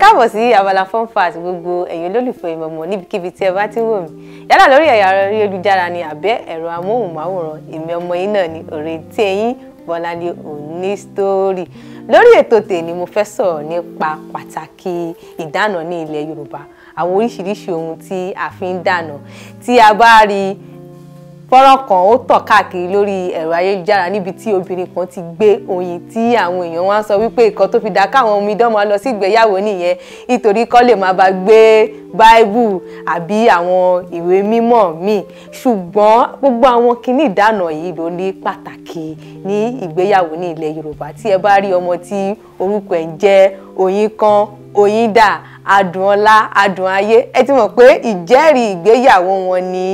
káàbọ̀ sí abala fun fact gbogbo ẹ̀yin olólùfẹ́ ìmọ̀mọ̀ níbikíbi tí ẹ bá ti ń wò mí yálà lórí ẹ̀yà ayélujára ni àbẹ́ ẹ̀rọ amóhùnmáwòrán èmi ọmọ yín náà ni ọ̀rẹ́ tí ẹ̀yin Bọ́láńlé Onísítórì lórí ètò tèmi mo fẹ́ sọ̀rọ̀ nípa pàtàkì ìdáná ní ilẹ̀ Yorùbá àwọn oríṣiríṣi ohun tí a fi ń dáná tí a bá rí i fọ́rọ̀ kan ó tọ̀ káàkiri lórí ẹ̀rọ ayélujára níbi tí obìnrin kan ti gbé oyin tí àwọn èèyàn wá ń sọ wípé nǹkan tó fi dá káwọn omidan máa lọ sí ìgbéyàwó nìyẹn nítorí kọ́ lè máa bá gbé báíbù àbí àwọn ìwé mímọ́ míì ṣùgbọ́n gbogbo àwọn kinní ìdáná yìí ló ní pàtàkì ní ìgbéyàwó ní ilẹ̀ Yorùbá tí ẹ bá rí ọmọ tí orúkọ ẹ̀ ń jẹ́ Oyinkan Oyinda Adùnọlá Adùnayé ẹ ti mọ̀ pé ìjẹ́rìí ìgbéyàwó wọn ni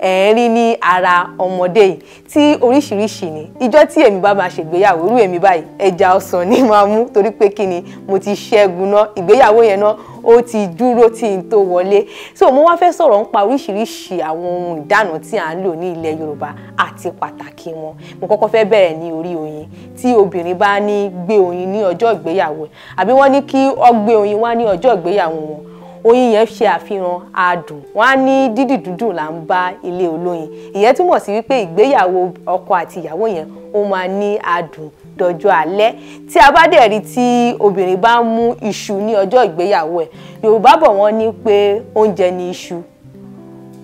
ẹ̀ ń ní ara ọmọdé yìí tí oríṣiríṣi ni ìjọ́ tí èmi bá máa ṣègbéyàwó irú èmi báyìí ẹja ọsàn ni màá mú torí pé kí ni mo ti ṣẹ́gun náà ìgbéyàwó yẹn náà ó ti dúró tí n tó wọlé so mo wá fẹ́ sọ̀rọ̀ nípa oríṣiríṣi àwọn ohun ìdáná tí à ń lò ní ilẹ̀ Yorùbá àti pàtàkì wọn mo kọ́kọ́ fẹ́ bẹ̀rẹ̀ ní orí oyin tí obìnrin bá ní gbé oyin ní ọjọ́ ìgbéyàwó àbí wọ́n ní kí ó oyin wá ní ọjọ́ ìgbéyàwó wọn oyin yẹn ṣe àfihàn adùn wọn á ní dídì dúdùn là ń bá ilé olóyin ìyẹn túmọ̀ sí wípé ìgbéyàwó ọkọ àti ìyàwó yẹn ó máa ní adùn dọjọ́ alẹ́ tí a bá dẹ̀ rí tí obìnrin bá ń mú iṣu ní ọjọ́ ìgbéyàwó ẹ̀ yorùbá bọ̀ wọ́n ní pé oúnjẹ ni iṣu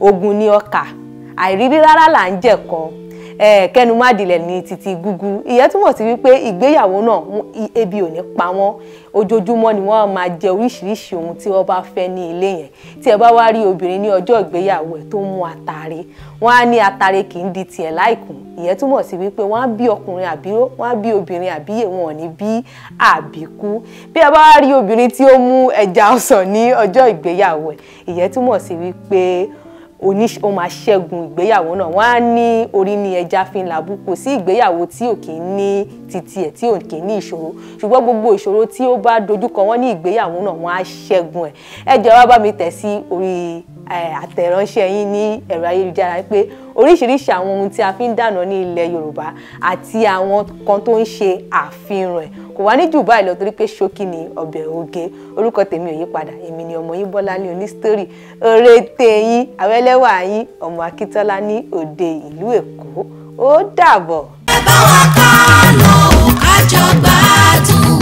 ogun ni ọkà àìrírí rárá là ń jẹ̀kọ́ kẹnu má dilẹ̀ ní títí gúgúrú ìyẹn túmọ̀ sí wípé ìgbéyàwó náà ebi ò ní pa wọ́n ojoojúmọ́ ni wọ́n máa jẹ oríṣiríṣi ohun tí wọ́n bá fẹ́ ní ilé yẹn tí ẹ bá wá rí obìnrin ní ọjọ́ ìgbéyàwó ẹ̀ tó mú àtàrí wọ́n á ní àtàrí kì í di tiẹ̀ láìkùn ìyẹn túmọ̀ sí wípé wọ́n á bí ọkùnrin àbíró wọ́n á bí obìnrin àbíyè wọn ò ní bí àbíkú bí ẹ bá wá rí obìnrin tí ó mú ẹja ọsàn ní ọjọ́ ìgbéyàwó ìyẹn túmọ̀ sí wípé ó máa ṣẹ́gun ìgbéyàwó náà wọ́n á ní orí ni ẹja fi ń làbú kò sí ìgbéyàwó tí ò kì í ní titi ẹ̀ tí ò kì í ní ìṣòro ṣùgbọ́n gbogbo ìṣòro tí ó bá dojúkọ wọ́n ní ìgbéyàwó náà wọ́n á ṣẹ́gun ẹ̀ ẹ jẹ́ wá bá mi tẹ̀ sí orí àtẹ̀ránṣẹ́ yín ní ẹ̀rọ ayélujára pé oríṣiríṣi àwọn ohun tí a fi ń dáná ní ilẹ̀ Yorùbá àti àwọn kan tó ń ṣe àfihàn ẹ̀ kò wá ní jù báyìí lọ torí pé ṣókí ni ọbẹ̀ oge orúkọ tèmi ò yí padà èmi ni ọmọ yín Bọ́láńlé onísítórì òré tèyín àwẹ́lẹ́wà yín ọmọ Akíntọ́lá ní òde ìlú Èkó ó dàbọ̀. bàbá wa kọ́ ló àjọgbádùn.